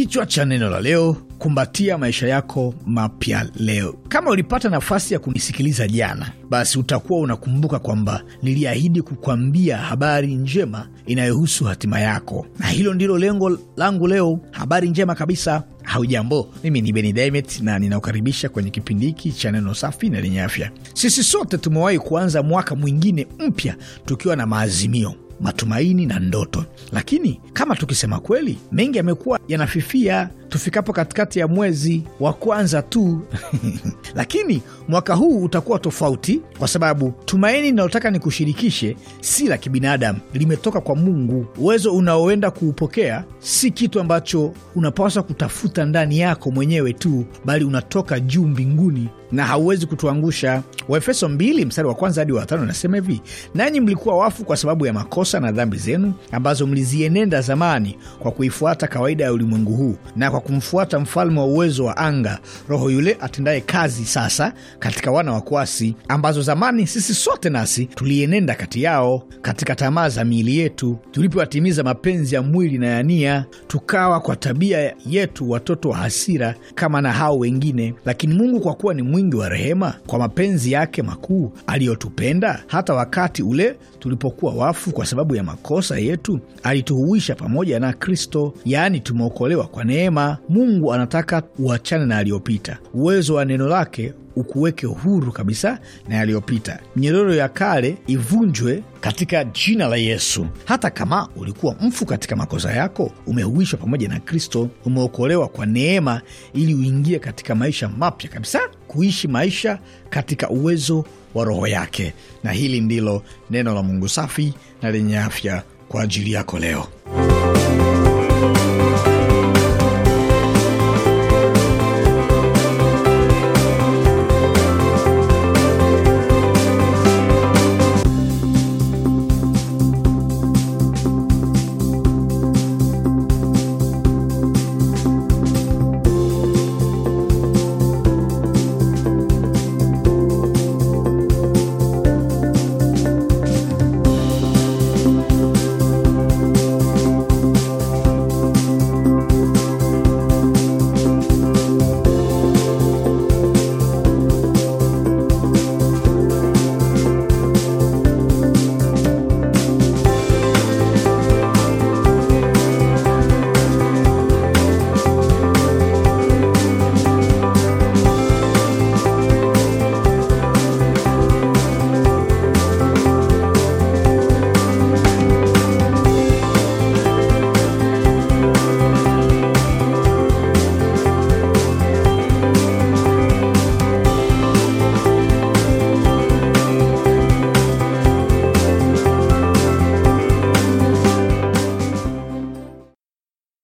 Kichwa cha neno la leo: kumbatia maisha yako mapya leo. Kama ulipata nafasi ya kunisikiliza jana, basi utakuwa unakumbuka kwamba niliahidi kukwambia habari njema inayohusu hatima yako, na hilo ndilo lengo langu leo. Habari njema kabisa. Haujambo, mimi ni Beni Dimet na ninakukaribisha kwenye kipindi hiki cha neno safi na lenye afya. Sisi sote tumewahi kuanza mwaka mwingine mpya tukiwa na maazimio matumaini na ndoto. Lakini kama tukisema kweli, mengi yamekuwa yanafifia tufikapo katikati ya mwezi wa kwanza tu lakini mwaka huu utakuwa tofauti, kwa sababu tumaini linalotaka nikushirikishe si la kibinadamu, limetoka kwa Mungu. Uwezo unaoenda kuupokea si kitu ambacho unapaswa kutafuta ndani yako mwenyewe tu, bali unatoka juu mbinguni na hauwezi kutuangusha. Waefeso 2 mstari wa kwanza hadi wa tano nasema hivi: nanyi mlikuwa wafu kwa sababu ya makosa na dhambi zenu, ambazo mlizienenda zamani kwa kuifuata kawaida ya ulimwengu huu, na kwa kumfuata mfalme wa uwezo wa anga, roho yule atendaye kazi sasa katika wana wa kuasi, ambazo zamani sisi sote nasi tulienenda kati yao katika tamaa za miili yetu, tulipowatimiza mapenzi ya mwili na ya nia, tukawa kwa tabia yetu watoto wa hasira kama na hao wengine. Lakini Mungu kwa kuwa ni mwingi wa rehema, kwa mapenzi yake makuu aliyotupenda, hata wakati ule tulipokuwa wafu kwa sababu ya makosa yetu, alituhuisha pamoja na Kristo. Yaani tumeokolewa kwa neema. Mungu anataka uachane na aliyopita. Uwezo wa neno lake ukuweke huru kabisa na yaliyopita. mnyororo ya kale ivunjwe katika jina la Yesu. Hata kama ulikuwa mfu katika makosa yako, umehuishwa pamoja na Kristo, umeokolewa kwa neema, ili uingie katika maisha mapya kabisa, kuishi maisha katika uwezo wa Roho yake. Na hili ndilo neno la Mungu safi na lenye afya kwa ajili yako leo.